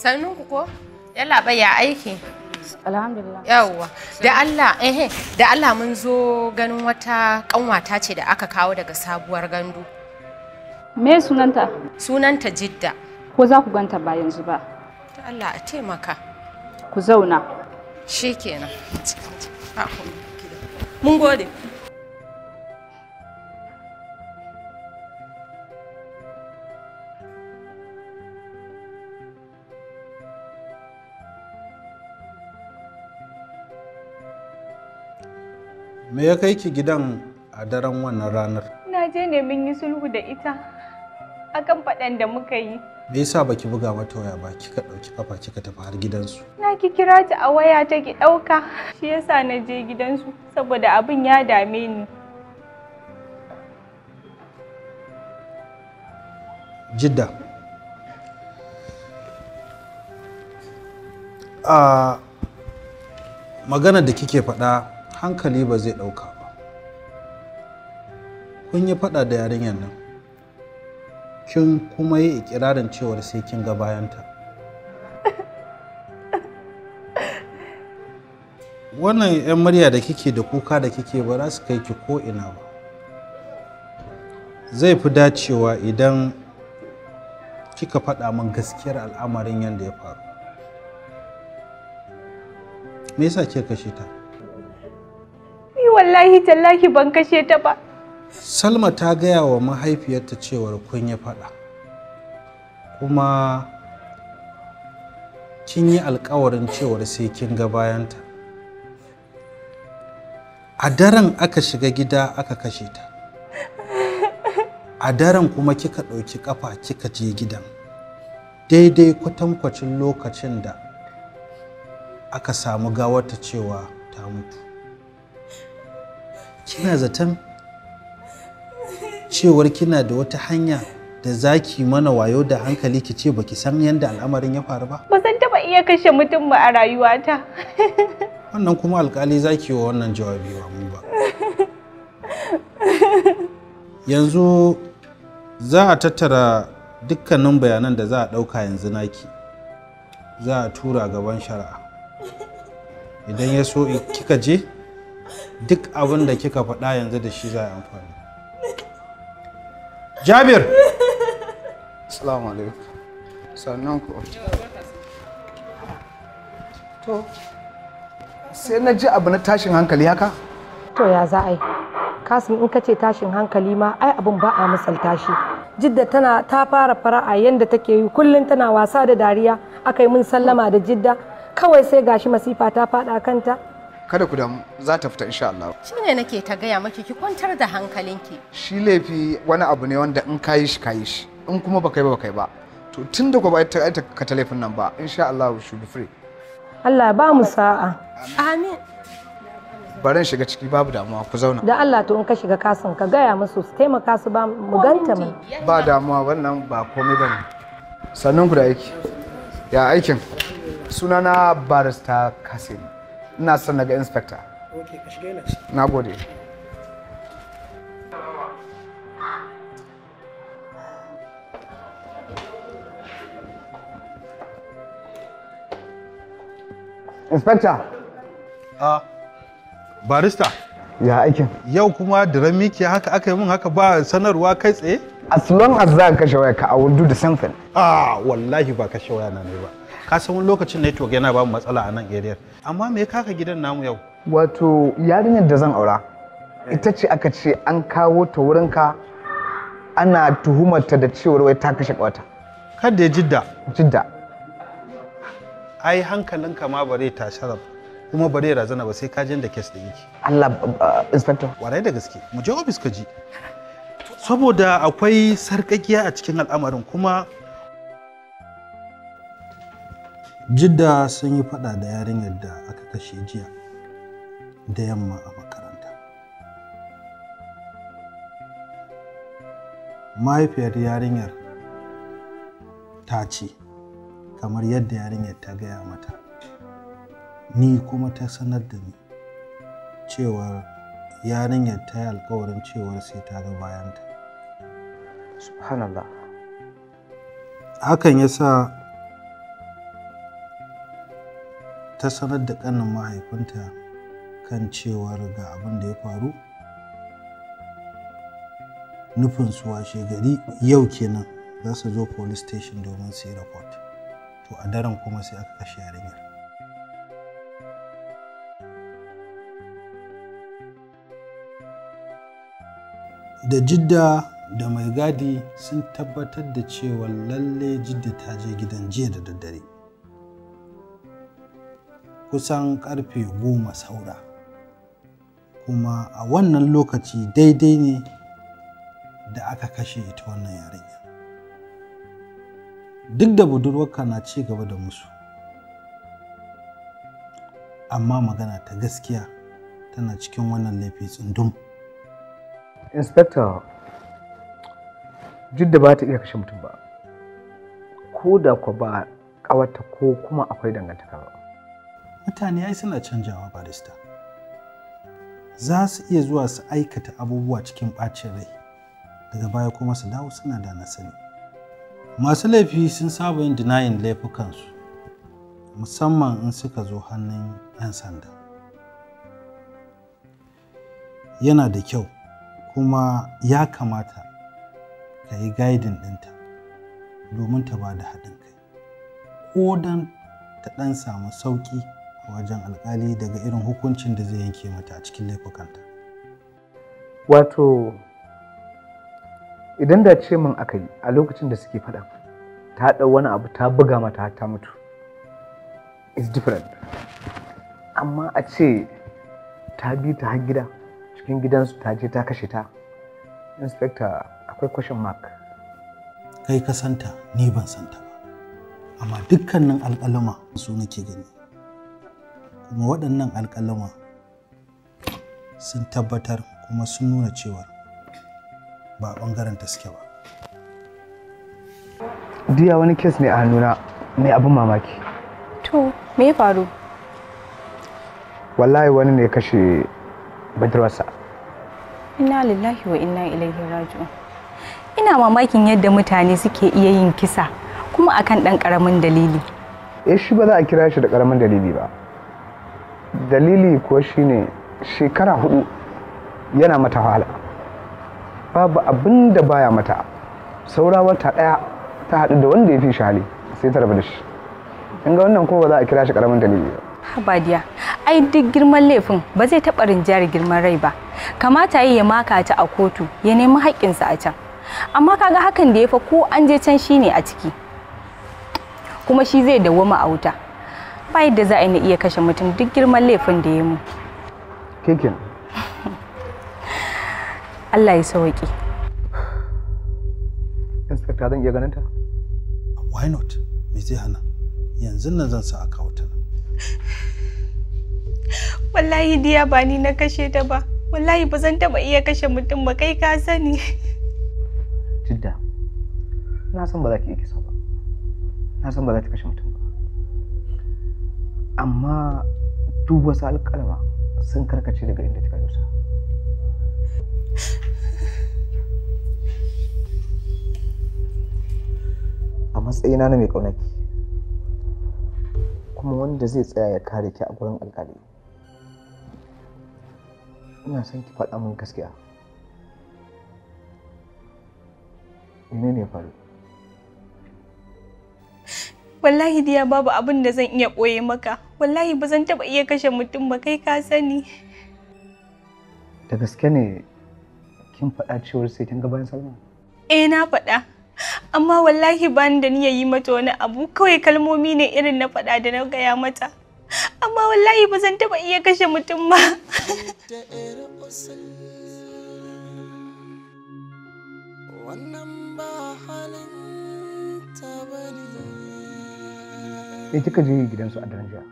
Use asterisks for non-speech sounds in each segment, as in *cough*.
Sannunku ko? Yalla ba ya aiki. Alhamdulillah. Yawwa. Da Allah, eh da Allah mun zo ganin wata kanwata ce da aka kawo daga sabuwar gandu. Me sunanta? Sunanta Jidda. Ko za ku ganta ba yanzu ba? Da Allah a taimaka. Ku zauna. Shikenan. Mun gode. Me ya kai ki gidan a daren wannan ranar? Na je ne mun yi sulhu da ita akan faɗan da muka yi. Me yasa baki buga mata waya ba kika ɗauki kafa kika tafi har gidansu? Na ki kira ta a waya ta ki ɗauka shi yasa na je gidansu saboda abin ya dame ni. Jidda. A ah, magana da kike faɗa hankali ba zai ɗauka ba kun yi faɗa da yarinyar nan kin kuma yi ikirarin cewar sai kin ga bayanta wannan 'yan murya da kike da kuka da kike ba za su kai ki ko ina ba zai fi dacewa idan kika faɗa min gaskiyar al'amarin yadda ya faru me yasa kika kashe ta wallahi tallahi ban kashe ta ba. Salma ta gaya wa mahaifiyarta cewar kun yi faɗa. Kuma kin yi alkawarin cewar sai kin ga bayanta. A daren aka shiga gida aka kashe ta. A daren kuma kika ɗauki ƙafa kika je gidan. Daidai kwatankwacin lokacin da aka samu gawarta cewa ta mutu. kina zaton cewar kina da wata hanya da zaki mana wayo da hankali ki ce baki san yadda al'amarin ya faru ba ba san taba iya kashe mutum ba a rayuwata wannan kuma alkali zaki wa wannan jawabi ba mu ba yanzu za a tattara dukkanin bayanan da za a ɗauka yanzu naki za a tura gaban shari'a idan ya so kika je duk abin da kika faɗa yanzu da shi za a amfani jabir assalamu alaikum sannan ku to sai na ji abu na tashin hankali haka to ya za a yi kasim in ka ce tashin hankali ma ai abin ba a misalta shi jidda tana ta fara fara'a yadda take yi kullum tana wasa da dariya aka yi mun sallama da jidda kawai sai gashi masifa ta faɗa kanta kada ku damu za ta fita insha Allah shi ne nake ta gaya maki ki kwantar da hankalinki shi laifi wani abu ne wanda in kayi shi kayi shi in kuma ba kai ba kai ba to tun da ba ta aita ka ta laifin nan ba insha Allah we bi free Allah ba mu sa'a amin baran shiga ciki babu damuwa ku zauna da Allah to in ka shiga kasin ka gaya musu su taimaka su ba mu ganta mu ba damuwa wannan ba komai bane sannan ku da aiki ya aikin sunana barista Kasim. ina son na ga inspector na gode inspector ah barista ya aikin yau kuma diran miki haka aka yi min haka ba sanarwa kai tsaye as long as za ka kashe waya ka i will do the same thing ah wallahi ba kashe waya na ne ba Kasan wani lokacin network yana ba mu matsala a nan area amma me kaka gidan namu yau wato yarinyar da zan aura ita ce aka ce an kawo ta wurinka ana tuhumarta da cewar wai ta kashe kwata kada ya jidda jidda ai hankalinka ma bare ta sharaf kuma bare razana ba sai ka da kes din yake Allah inspector warai da gaske mu je office ka ji saboda akwai sarkakiya a cikin al'amarin kuma jidda sun yi fada da yarinyar da aka kashe jiya da yamma a makaranta mahaifiyar yarinyar ta ce kamar yadda yarinyar ta gaya mata ni kuma ta sanar da ni cewa yarinyar ta yi alkawarin cewar sai ta ga bayanta subhanallah hakan ya sa ta sanar da ƙanin mahaifinta kan cewa ga abin da ya faru nufin su washe gari yau kenan za su zo police station domin su yi report to a daren kuma sai aka kashe yarinyar da jidda da mai gadi sun tabbatar da cewa lalle jidda ta je gidan jiya da daddare kusan karfe goma saura kuma a wannan lokaci daidai ne da aka kashe ita wannan yarinya duk da budurwarka na ci gaba da musu amma magana ta gaskiya tana cikin wannan laifi tsundum inspector duk da ba ta iya kashe mutum ba ko da kwa ba kawata ko kuma akwai dangantaka ba mutane ai suna canjawa barista za su iya zuwa su aikata abubuwa cikin ɓacin rai daga baya kuma su dawo suna da na sani masu laifi sun saba yin dinayin laifukansu musamman in suka zo hannun 'yan sanda yana da kyau kuma ya kamata ka yi gaidin ɗinta domin ta ba da haɗin kai ko don ta ɗan samu sauƙi wajen alkali daga irin hukuncin da zai yanke mata a cikin laifukanta. Wato, idan da ce min aka yi a lokacin da suke faɗa ta ɗau wani abu ta buga mata ta mutu. It's different. Amma a ce ta bi ta har gida cikin gidansu ta je ta kashe ta. Inspector akwai question mark. Kai ka santa, ni ban santa ba. Amma dukkanin alƙaluma su nake gani. kuma waɗannan alƙalama sun tabbatar kuma sun nuna cewa ba a ɓangaren ta suke ba duya wani kes ne a hannuna mai abin mamaki to me ya faru wallahi wani ne kashe budurwarsa Ina lillahi wa ina ilaihi raju. ina mamakin yadda mutane suke iya yin kisa kuma akan ɗan ƙaramin dalili eh shi ba za a kira shi da ƙaramin dalili ba dalili kuwa shine shekara hudu yana mata wahala babu abin da baya mata saura wata daya ta hadu da wanda ya fi shi hali sai ta rabu da shi in ga wannan kowa za a kira shi karamin dalili ba habadiya ai duk girman laifin ba zai taɓa rinjari girman rai ba kamata yi ya maka ta a kotu ya nemi haƙƙinsa a can amma ka ga hakan da ya fa ko an je can shine a ciki kuma shi zai dawwama a wuta ba yadda za a yi iya kashe mutum duk girman laifin da ya mu kekin *laughs* Allah ya sauki inspector zan iya ganin ta why not me zai hana yanzu nan zan sa aka wuta *sighs* wallahi diya ba ni na kashe ta ba wallahi ba zan taba iya kashe mutum ba kai ka sani jidda na san ba za ki iya kisa ba na san ba za ki kashe mutum amma duk wasu alƙalma sun karkace daga inda kika dosa a matsayi na mai ƙaunaki kuma wanda zai tsaya ya kare ki a gurin alƙali ina son ki faɗa min gaskiya menene ne faru wallahi diya babu abin da zan iya koye maka wallahi ba zan taɓa iya kashe mutum ba kai ka sani da gaske ne kin faɗa cewar sai kin ga bayan salma eh na faɗa amma wallahi ba ni da niyyar yi mata wani abu kawai kalmomi ne irin na faɗa da na gaya mata amma wallahi ba zan taɓa iya kashe mutum ba *laughs* wannan ba halin ta bane Sai kika je gidansu a daren jiya?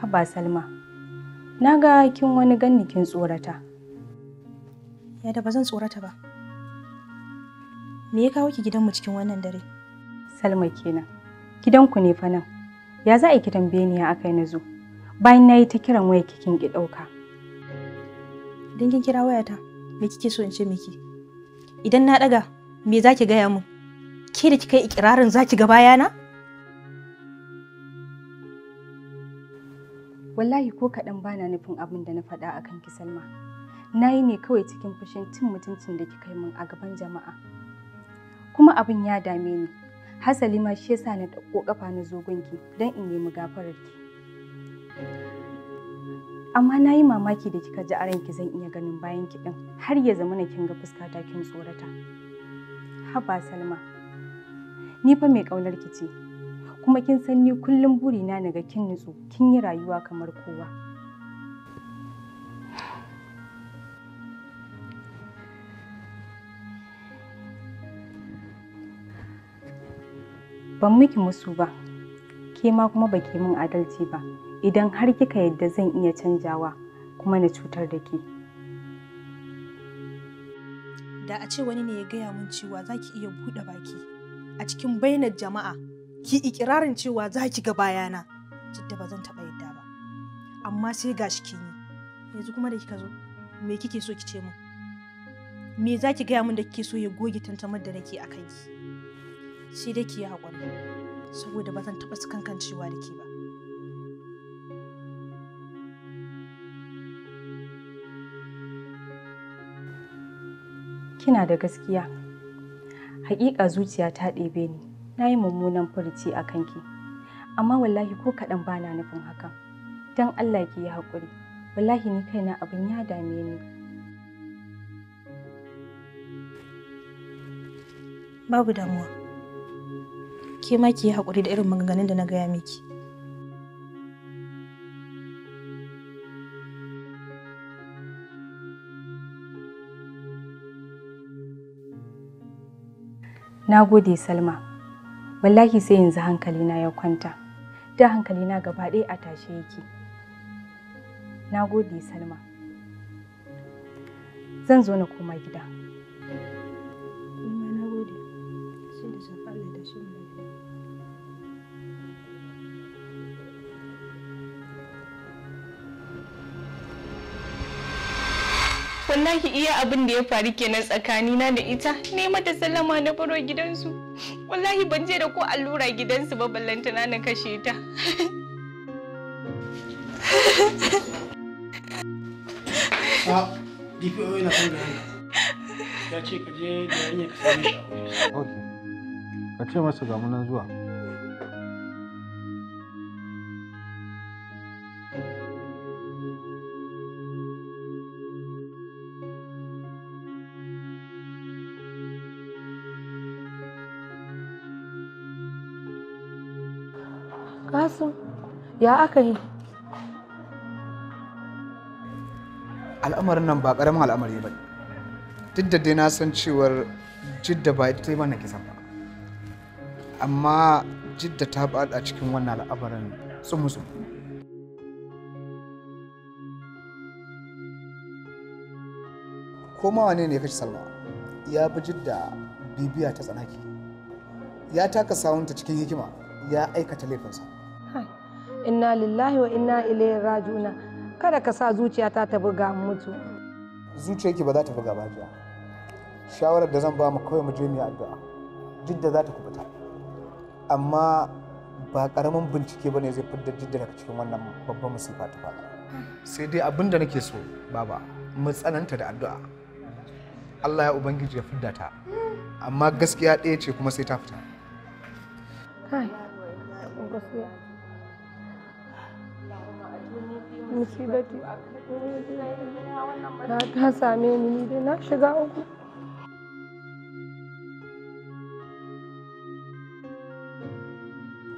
Haba Salma, na ga kin wani ganni kin tsorata. Ya da ba tsorata ba. Me ya kawo ki gidanmu cikin wannan dare? Salma kenan. Gidanku ne fa nan. Ya za a ki tambaye ni ya aka yi na zo? Bayan na yi ta kiran waya kikin ki ɗauka. Idan kin kira wayata, me kike so in ce miki? Idan na ɗaga, me za ki gaya min? Ke da kika yi ikirarin za ki ga bayana? Wallahi ko kaɗan bana nufin abin da na faɗa akan ki Salma. Na yi ne kawai cikin fushin cin mutuncin da kika yi min a gaban jama'a. kuma abin ya dame ni hasali ma shi yasa na dauko ƙafa na zogonki don in nemi gafararki amma na yi mamaki da kika ji ki zan iya ganin bayan ki din har ya zama na kin ga fuskata kin tsorata haba salma ni fa mai ƙaunar ki ce kuma kin san ni kullum burina na ga kin nutsu kin yi rayuwa kamar kowa ban miki musu ba ke ma kuma baki min adalci ba idan har kika yadda zan iya canjawa kuma na cutar da ke da a ce wani ne ya gaya min cewa za ki iya buɗe baki a cikin bainar jama'a ki ikirarin cewa za ki ga bayana jidda ba zan taɓa yadda ba amma sai ga shi ke yi yanzu kuma da kika zo me kike so ki ce min me za ki gaya min da kike so ya goge tantamar da nake a kanki sai dai ki yi haƙuri saboda ba zan taɓa su kankancewa da ke ba kina da gaskiya haƙiƙa zuciya ta ɗebe ni na yi mummunan furuci a kanki amma wallahi ko kaɗan ba na nufin hakan don allah ki yi haƙuri wallahi ni kaina abin ya dame ni babu damuwa ke ma ki yi haƙuri da irin maganganun da na gaya miki. Na gode Salma, wallahi sai yanzu hankalina ya kwanta, da hankalina gaba ɗaya a tashe yake. Na gode Salma, zan zo na koma gida. wallahi iya abin da ya faru kenan tsakani na da ita ne mata sallama na baro gidansu wallahi ban je da ko allura gidansu ba ballanta na na kashe ta ah, DPO yana kan ya ce ka je da yanya ka same shi ka ce masa ga nan zuwa. ya aka yi al'amarin nan ba ƙaramin al'amari ba duk da dai na san cewar jidda ba ita ta yi mana kisan ba amma jidda ta bada cikin wannan al'amarin tsumu koma wane ne ya kashe salma ya fi jidda bibiya ta tsanaki ya taka sawunta cikin hikima ya aikata laifinsa inna lillahi wa inna ilaihi raji'una kada ka sa zuciyata ta buga mutu zuciyarki ba za ta buga ba shawarar da zan ba mu kawai mu je mu addu'a jidda za ta kubuta amma ba karamin bincike bane zai fitar jidda daga cikin wannan babban musifa ta fara sai dai abin da nake so baba mu tsananta da addu'a Allah ya ubangiji ya fidda ta amma gaskiya ɗaya ce kuma sai ta fita kai gaskiya musibati ba ta same ni ni dai na shiga uku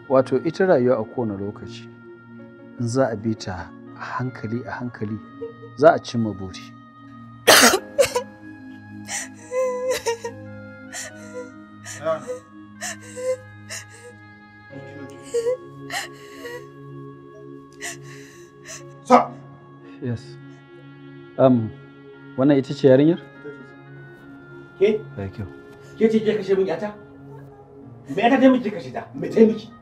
wato ita rayuwa a kowane lokaci in za a bi ta a hankali a hankali za a cimma buri Yeah. *coughs* Yes. Um, wannan ita ce yarinyar? Ke? Thank you. Ke ce ke kashe min yata? Me yata ta miki kashe ta? Me ta miki?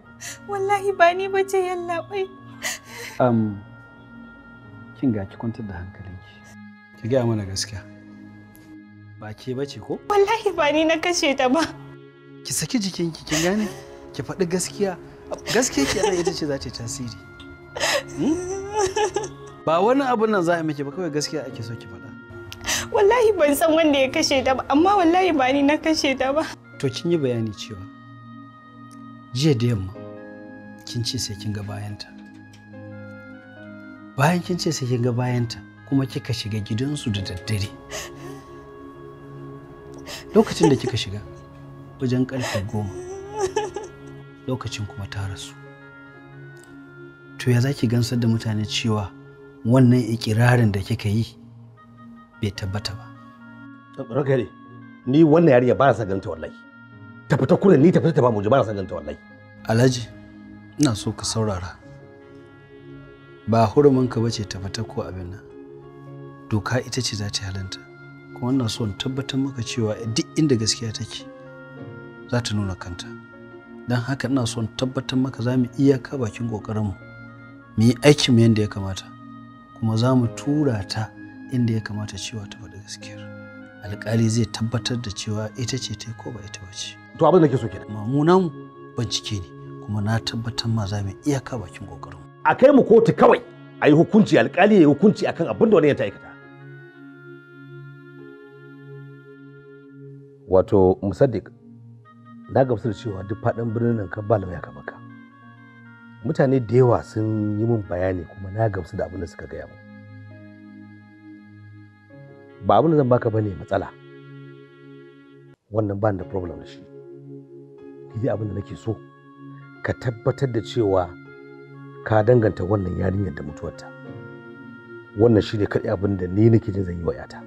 Wallahi ba ni bace yallaɓai. Um, kin ga ki kwantar da hankalinki. Ki gaya mana gaskiya. Ba ke bace ko? Wallahi ba ni na kashe ta ba. Ki saki jikinki kin gane? Ki faɗi gaskiya. Gaskiya nan ita ce za ta tasiri. Hmm? ba wani abun nan za a miki ba kawai gaskiya ake so ki faɗa wallahi ban san wanda ya kashe ta ba amma wallahi ba ni na kashe ta ba to kin yi bayani cewa jiya da yamma kin ce sai kin ga bayanta bayan kin ce sai kin ga bayanta kuma kika shiga gidansu da daddare lokacin da kika shiga wajen karfe goma lokacin kuma ta rasu to ya za ki gansar da mutane cewa wannan ikirarin da kika yi bai tabbata ba. Rakari, ni wannan yarinya ba na san ganta wallahi. Ta fita ni ta fita ta ba mu ba na san ganta wallahi. Alhaji, ina so ka saurara. Ba hurumin ka bace ta fita ko abin nan. Doka ita ce za ta halanta. Kuma ina so in tabbatar maka cewa duk inda gaskiya take za ta nuna kanta. Don haka ina so in tabbatar maka za mu iya ka bakin ƙoƙarinmu. Mu yi aikinmu yadda ya kamata. kuma za mu tura ta inda ya kamata cewa ta faɗi gaskiyar alƙali zai tabbatar da cewa ita ce ta ko ba ita ba ce to abin da ke so kenan mamunan bincike ne kuma na tabbatar ma za mu iyaka bakin kokarin a kai mu kotu kawai a yi hukunci alƙali ya yi hukunci akan abin da wani ya aikata wato musaddiq na gamsu da cewa duk faɗin birnin nan ka ba ya ka baka mutane da yawa sun yi min bayani kuma na gamsu da abin da suka gaya mu ba abin da zan baka bane matsala wannan ba da problem da shi dai abin da nake so ka tabbatar da cewa ka danganta wannan yarinyar da mutuwarta wannan shi ne kaɗai abin da ni nake jin zan yi wa 'yata.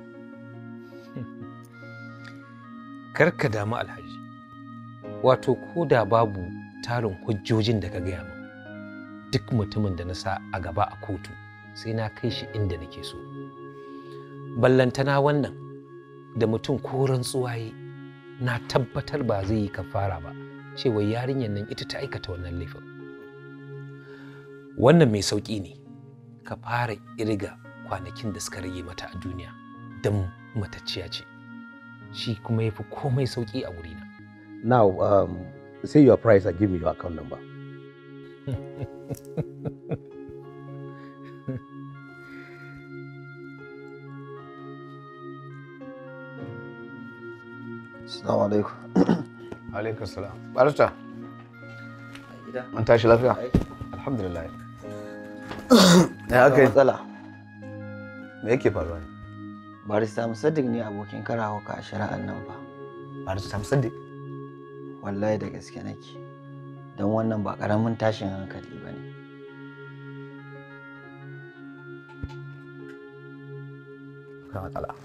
*laughs* karka damu alhaji wato ko da babu tarin hujjojin da ka gaya mu duk mutumin da na sa a gaba a kotu sai na kai shi inda nake so ballantana wannan da mutum ko rantsuwa na tabbatar ba zai yi kafara ba cewa yarinyar nan ita ta aikata wannan laifin wannan mai sauƙi ne ka fara irga kwanakin da suka rage mata a duniya don matacciya ce shi kuma ya fi komai sauƙi a wurina now um, say your price and give me your account number Assalamu alaikum. Alaikum salam. Barista. An tashi lafiya? Alhamdulillah. *coughs* Ya aka yi. Matsala. Me yake faruwa ne? Barista Musaddiq ne abokin karawa ka a shari'ar nan ba. Barista Musaddiq? Wallahi da gaske nake. don wannan ba ƙaramin tashin hankali ba ne babba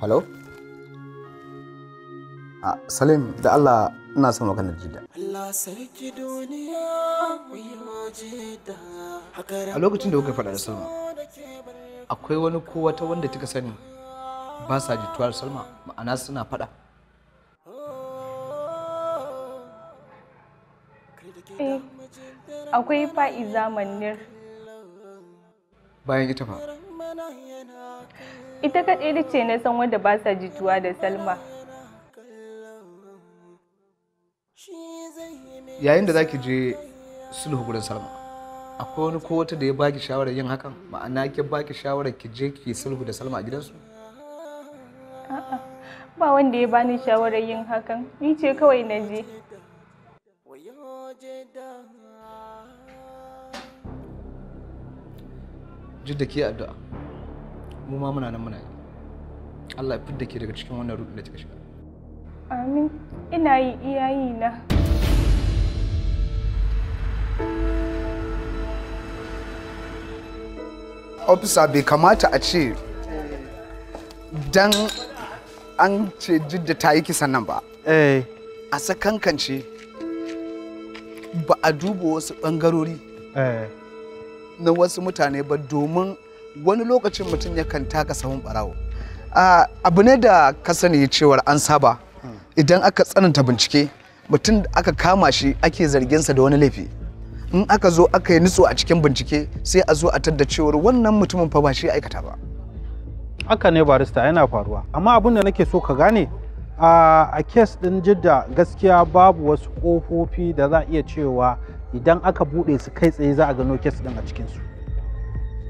Hello? a salim da allah ina son maganar jida a lokacin da kuka faɗa da salma akwai wani ko wata wanda kika sani ba sa da salma ma'ana suna faɗa eh akwai fa'i zamanin bayan ita fa ita kaɗai ce na san wanda ba sa jituwa da salma yayin da zaki je sulhu gurin salma akwai wani ko wata da ya baki shawarar yin hakan ma'ana ke baki shawarar ki je ki sulhu da salma a gidansu ba wanda ya bani shawarar yin hakan ni ce kawai na je ji da ke addu'a mu ma muna nan muna yi Allah ya fidda ke daga cikin wannan rudin da kika shiga amin ina yi iyayi na ofisa bai kamata a ce dan an ce jidda ta yi kisan nan ba eh. a sakankance ba a duba wasu bangarori eh. na wasu mutane ba domin wani lokacin mutum yakan taka sahun barawo abu ne da ka sani cewar an saba hmm. idan aka tsananta bincike mutum aka kama shi ake zarginsa da wani laifi in aka zo aka yi nutso a cikin bincike sai a zo a tadda cewar wannan mutumin fa ba shi aikata ba haka ne barista yana faruwa amma abin da nake so ka gane a kes din jidda gaskiya babu wasu kofofi da za a iya cewa idan aka buɗe su kai tsaye za a gano kes din a cikinsu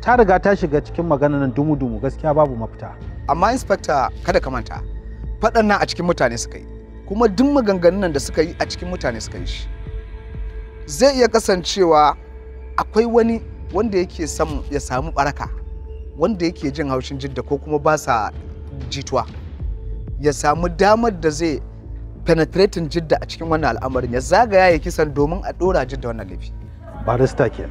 ta riga ta shiga cikin maganar dumu-dumu gaskiya babu mafita amma inspector kada ka manta faɗan nan a cikin mutane suka yi kuma duk maganganun nan da suka yi a cikin mutane suka yi shi zai iya kasancewa akwai wani wanda yake son ya samu baraka wanda yake jin haushin jidda ko kuma ba sa jituwa ya samu damar da zai penetrating jidda a cikin wannan al'amarin ya zagaya ya kisan domin a dora jidda wannan laifi barista ke.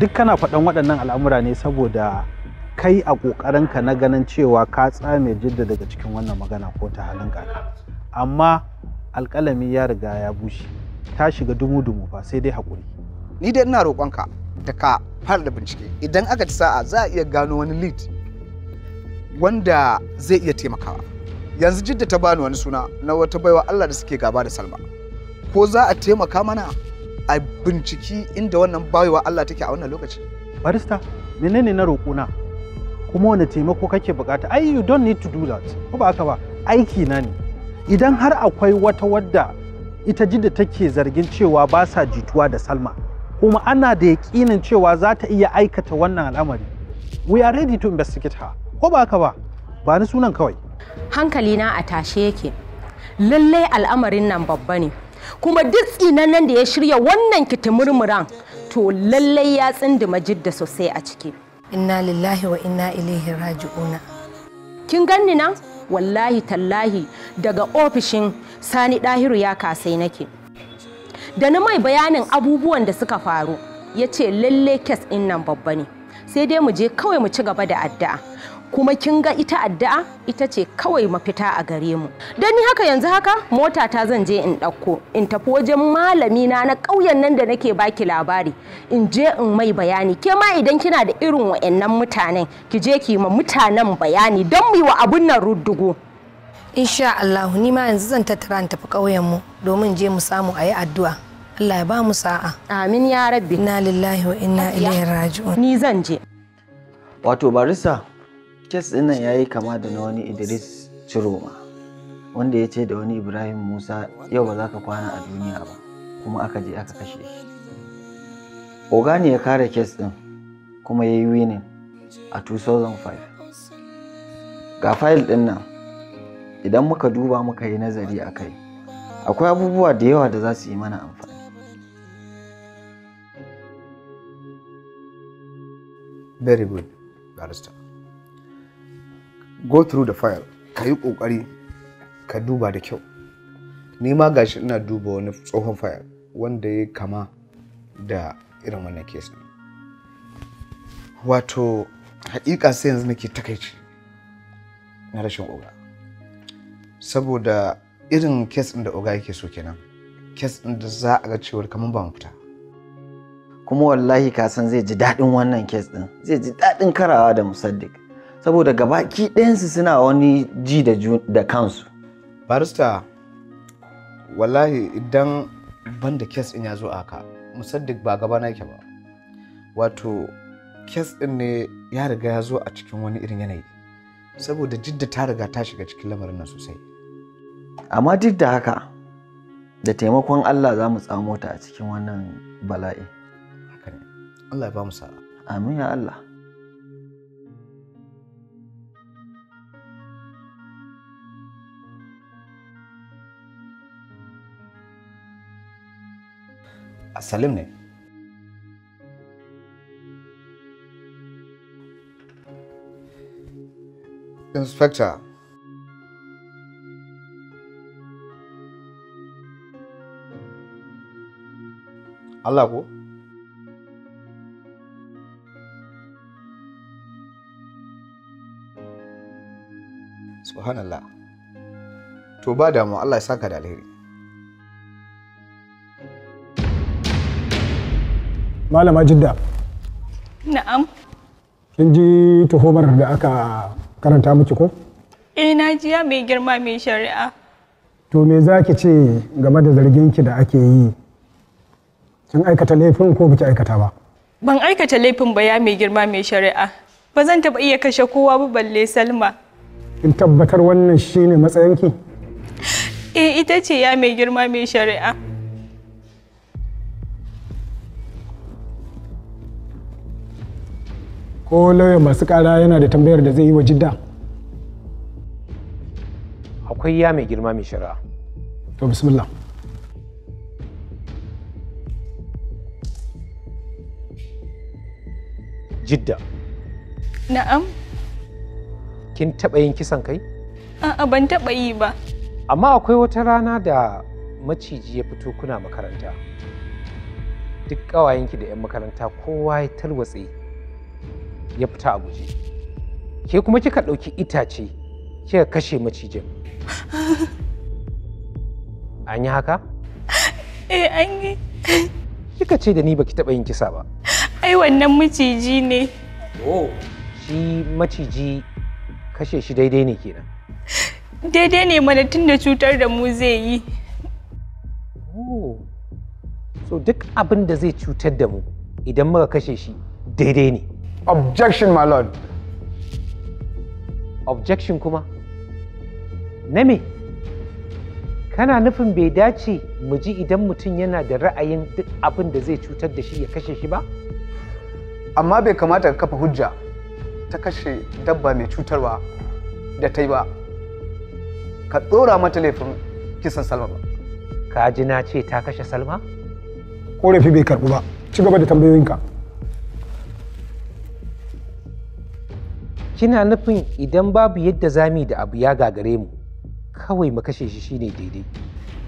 duk kana faɗan waɗannan al'amura ne saboda kai a ƙoƙarinka na ganin cewa ka tsame jidda daga cikin wannan magana ko ta halin ka amma alƙalami ya riga ya bushe ta shiga dumu-dumu ba sai dai hakuri. Ni dai ina roƙonka da ka fara da bincike idan aka ci sa'a za a iya gano wani lead wanda zai iya taimakawa. Yanzu jidda ta bani wani suna na wata baiwa Allah da suke gaba da Salma. Ko za a taimaka mana a binciki inda wannan baiwa Allah take a wannan lokaci? Barista, menene na roƙona? Kuma wani taimako kake bukata? Ai, you don't need to do that. Ko ba haka ba, aiki na ne. Idan har akwai wata wadda ita da take zargin cewa ba sa jituwa da salma kuma ana da yaƙinin cewa za ta iya aikata wannan al'amari we are ready to investigate her ko ba haka ba ba ni sunan kawai hankalina a tashe yake lallai al'amarin nan babba ne kuma duk nan da ya shirya wannan kitimurmuran to lallai ya tsindi jidda sosai a ciki inna lillahi wa inna ilaihi raji'una kin ganni nan wallahi tallahi daga ofishin sani ɗahiru ya kasai nake da na mai bayanin abubuwan da suka faru ya ce lalle kes ɗin nan babba ne sai dai mu je kawai mu ci gaba da addu'a kuma kin ga ita addu'a ita ce kawai mafita a gare mu don ni haka yanzu haka mota ta zan je in ɗauko in tafi wajen malami na na ƙauyen nan da nake baki labari in je in mai bayani ke ma idan kina da irin wa'annan mutanen ki je ki ma mutanen bayani don mu yi wa abun nan ruddugu insha Allah ni ma yanzu zan tattara in tafi ƙauyen mu domin je mu samu a yi addu'a Allah ya ba mu sa'a amin ya rabbi inna lillahi wa inna ilaihi raji'un ni zan je wato barista kes ɗinnan nan yayi kama da na wani Idris Ciroma wanda ya ce da wani Ibrahim Musa yau ba za ka kwana a duniya ba kuma aka je aka kashe shi. Ogani ya kare kes ɗin kuma ya yi a 2005. Ga fayil ɗinnan, idan muka duba muka yi nazari a kai akwai abubuwa da yawa da za su yi mana amfani. Very good, barrister. go through the file ka yi ƙoƙari ka duba da kyau ni ma gashi ina duba wani tsohon file wanda ya kama da irin wannan kesin wato haƙiƙa sai yanzu nake takaici na rashin oga saboda irin kes ɗin da oga yake so kenan kes ɗin da za a ga cewar kamar ba fita. kuma wallahi ka san zai ji daɗin wannan kes ɗin zai ji daɗin karawa da musaddiq saboda gaba, gabaki ɗayansu suna wani ji da kansu barista wallahi idan ban da kes in ya zo aka musaddik ba gaba na ba wato kes ɗin ne ya riga ya zo a cikin wani irin yanayi saboda jidda ta riga ta shiga cikin lamarin nan sosai amma duk da haka da taimakon Allah za mu tsamo ta a cikin wannan bala'i Allah ya ba mu sa'a amin ya Allah Salim ne. Inspector. Allah ko? Subhanallah. To ba damu Allah ya saka da alheri. malama jidda na'am kin ji tuhumar da aka karanta miki ko eh na ya mai girma mai shari'a to me za ki ce game da zargin ki da ake yi kin aikata laifin ko biki aikata ba ban aikata laifin ba ya mai girma mai shari'a ba zan taɓa iya kashe kowa ba balle salma in tabbatar wannan shine matsayinki eh ita ce ya mai girma mai shari'a ko lauyan masu ƙara yana da tambayar da zai yi wa jidda akwai ya mai girma mai shari'a to bismillah jidda na'am kin taɓa yin kisan kai a'a ban taɓa yi ba amma akwai wata rana da maciji ya fito kuna makaranta duk ƙawayenki da 'yan makaranta kowa ya tarwatse ya fita a guje ke kuma kika ɗauki itace kika kashe macijin an yi haka? eh an yi kika ce da ni baki taɓa yin kisa ba ai wannan maciji ne oh shi maciji kashe shi daidai ne kenan daidai ne mana tunda da cutar da mu zai yi oh so duk abin da zai cutar da mu idan muka kashe shi daidai ne Objection, my lord. Objection kuma? Na Kana nufin bai dace mu ji idan mutum yana da ra'ayin duk abin da zai cutar da shi ya kashe shi ba? Amma bai kamata ka kafa hujja ta kashe dabba mai cutarwa da ta yi ba. Ka tsora mata laifin kisan Salma ba. Ka ji na ce ta kashe Salma? Korafi bai karɓu ba. Ci gaba da tambayoyinka. kina nufin idan babu yadda zami da abu ya gagare mu kawai mu kashe shi shine daidai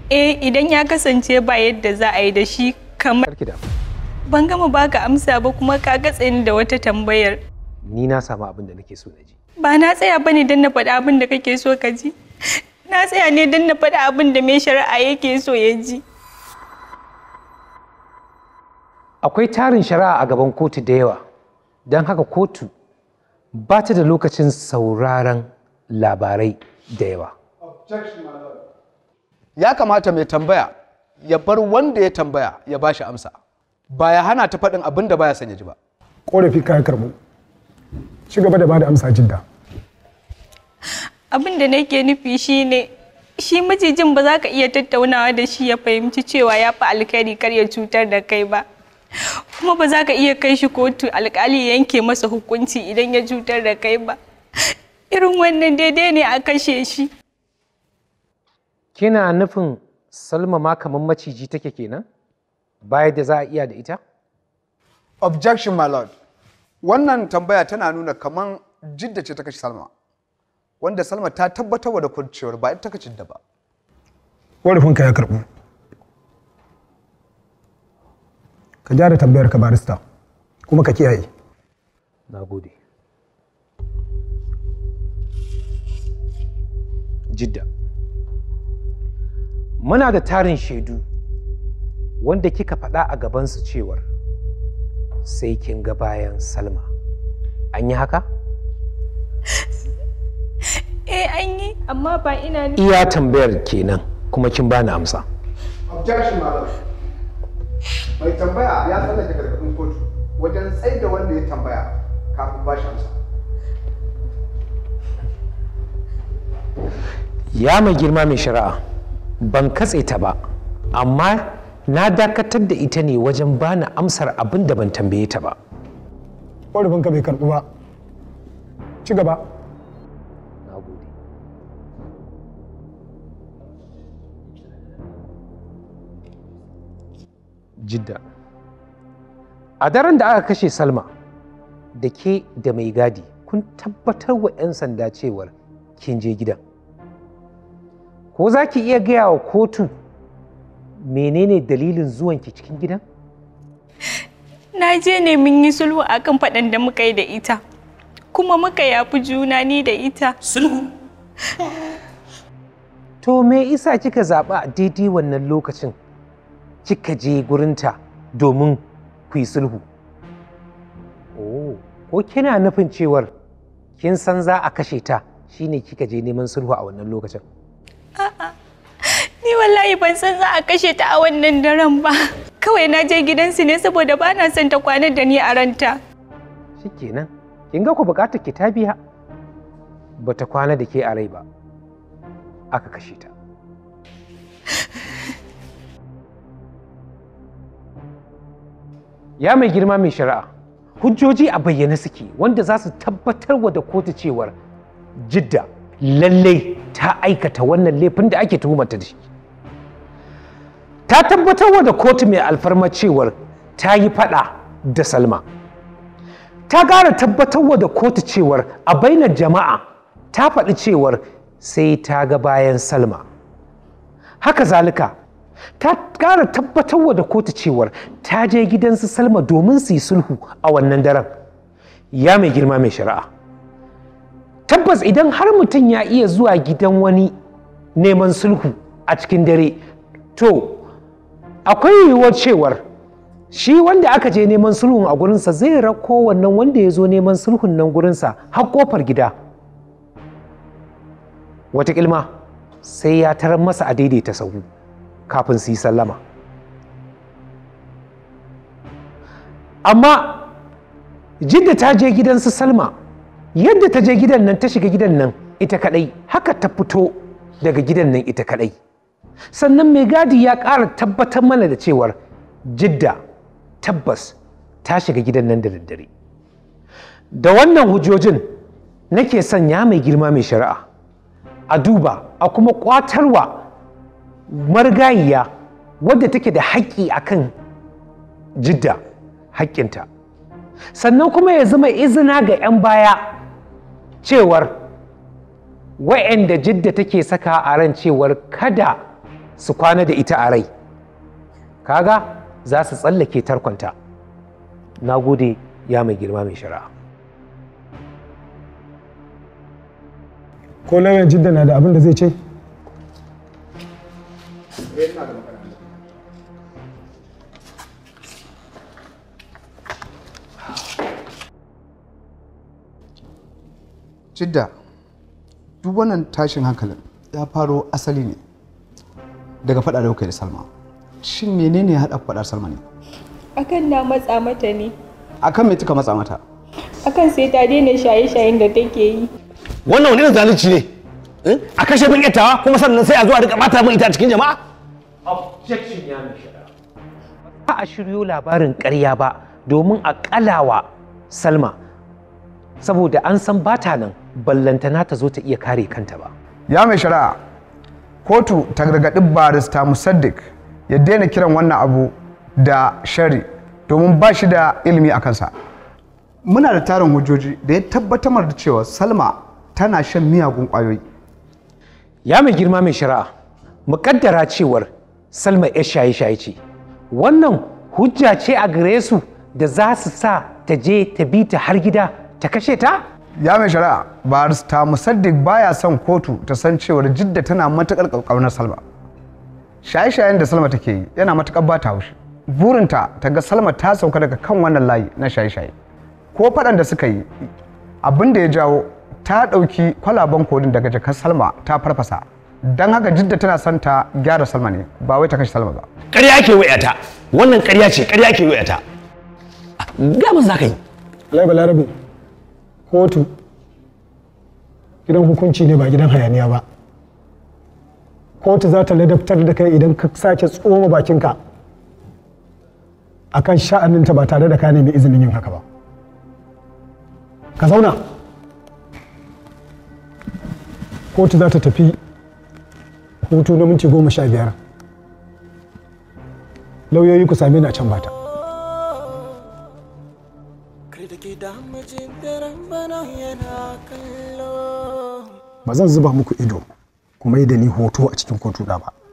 eh idan ya kasance ba yadda za a yi da shi kamar ban gama baka amsa ba kuma ka gatse ni da wata tambayar ni na samu abin da nake so na ji ba na tsaya bane dan na faɗa abin da kake so ka ji na tsaya ne dan na faɗa abin da mai shari'a yake so ya ji akwai tarin shari'a a gaban kotu da yawa don haka kotu ba ta da lokacin sauraron labarai da yawa ya kamata mai tambaya ya bar wanda ya tambaya ya ba shi amsa ba ya hana ta faɗin abin da ba ya ya ji ba ƙorafi kayan karɓo ci gaba da ba da amsa jidda abin da nake nufi shine shi mijijin ba za ka iya tattaunawa da shi ya fahimci cewa ya fi alkhairi kar ya cutar da kai ba kuma ba za ka iya kai shi kotu alkali yanke masa hukunci idan ya cutar da kai ba irin wannan daidai ne a kashe shi kina nufin salma ma kamar maciji take kenan bayan da za a iya da ita objection my lord wannan tambaya tana nuna kamar jidda ce ta kashe salma wanda salma ta tabbatar da kurcewar ba ita ta kashe da ba ka ya karbu ka gyara tambayar ka barista kuma ka kiyaye na gode jidda muna da tarin shaidu wanda kika faɗa a gabansu cewar sai kin ga bayan salma an yi haka? eh an yi amma ba ina iya tambayar kenan kuma kin bani amsa objection mai tambaya ya tsallake gargaɗin kotu wajen tsaye da wanda ya tambaya kafin ba shi amsa ya mai girma mai shari'a ban katse ta ba amma na dakatar da ita ne wajen bani amsar abin da ban tambaye ta ba ƙorafinka bai karɓu ba ci gaba jidda a daren da aka kashe salma da ke da mai gadi kun tabbatar wa 'yan sanda cewar kin je gidan ko za ki iya gaya wa kotu menene dalilin zuwanki cikin gidan na je ne mun yi sulhu akan faɗan da muka yi da ita kuma muka yafi juna ni da ita sulhu *laughs* to me isa kika zaɓa a daidai wannan lokacin kika je gurinta domin ku yi sulhu oh ko kina nufin cewar kin san za a kashe ta shine kika je neman sulhu a wannan lokacin ni wallahi ban san za a kashe ta a wannan daren ba kawai na je gidansu ne saboda ba na son ta kwana da ni a ranta Shi kenan, kin ga ku bukatar ki ta biya ta kwana da ke a rai ba aka kashe ta ya mai girma mai shari'a hujjoji a bayyane suke wanda za su tabbatar wa da kotu cewar jidda lallai ta aikata wannan laifin da ake tuhumarta da shi ta tabbatar wa da kotu mai alfarma cewar ta yi fada da salma ta gara tabbatar wa da kotu cewar a bainar jama'a ta faɗi cewar sai ta ga bayan salma haka zalika ta ƙara tabbatarwa da kotu cewar ta je gidan su salma domin su yi sulhu a wannan daren ya mai girma mai shari'a tabbas idan har mutum ya iya zuwa gidan wani neman sulhu a cikin dare to akwai yiwuwar cewar shi wanda aka je neman sulhun a gurinsa zai rako wannan wanda ya zo neman sulhun nan gurinsa har kofar gida wata sai ya tarar masa a daidaita sahu kafin su yi sallama amma jidda ta je gidan su salma yadda ta je gidan nan ta shiga gidan nan ita kadai haka ta fito daga gidan nan ita kadai sannan mai gadi ya ƙara tabbatar mana da cewar jidda tabbas ta shiga gidan nan da daddare da wannan hujjojin nake sanya mai girma mai shari'a a duba a kuma ƙwatarwa margayiya wadda take da haƙƙi a kan jidda haƙƙinta sannan kuma ya zama izina ga 'yan baya cewar wa'yanda jidda take saka a ran cewar kada su kwana da ita a rai kaga za su tsallake tarkonta na gode ya mai girma mai shari'a ko lauyan jidda na da abin da zai ce eh ina da Jidda, duk wannan tashin hankalin ya faro asali ne daga faɗa da da Salma. Shin menene ya haɗa faɗar Salma ne? Akan na matsa mata ne. Akan me tuka matsa mata? Akan sai ta daina shaye-shayen da take yi. Wannan wani zalunci ne? Eh? A kashe min yattawa kuma sannan sai a zo a riƙa ɓata ita a cikin jama'a? Objection ya mai shari'a. Ba a shiryo labarin ƙarya ba domin a ƙalawa Salma saboda an san bata nan ballantana ta zo ta iya kare kanta ba. Ya mai shari'a, kotu ta gargaɗi barista Musaddik ya daina kiran wannan abu da shari domin ba shi da ilimi a kansa. Muna da tarin hujjoji da ya tabbatar da cewa Salma tana shan miyagun ƙwayoyi. Ya mai girma mai shari'a, muƙaddara cewar salma ya shaye-shaye ce wannan hujja ce a gare su da za su sa ta je ta bi ta har gida ta kashe ta ya mai shari'a barista musaddiq baya son kotu ta san cewar jidda tana matakar ƙaunar salma shaye-shayen da salma take yi yana matukar ba ta haushi burinta ta ga salma ta sauka daga kan wannan layi na shaye-shaye ko faɗan da suka yi abin da ya jawo ta ɗauki kwalaben kodin daga jakar salma ta farfasa dan haka jidda tana son ta gyara salma ne ba wai ta kashe salma ba ƙarya ke wayata wannan ƙarya ce ƙarya ke wayata ga mun yi lai balarabe kotu gidan hukunci ne ba gidan hayaniya ba kotu za ta ladabtar da kai idan ka sake tsoma bakinka a kan sha'aninta ba tare da ka nemi izinin yin haka ba ka zauna kotu za ta tafi hutu na minti goma sha biyar lauyoyi ku same ni a can bata ba zan zuba muku ido kuma yi da ni hoto a cikin kotu ba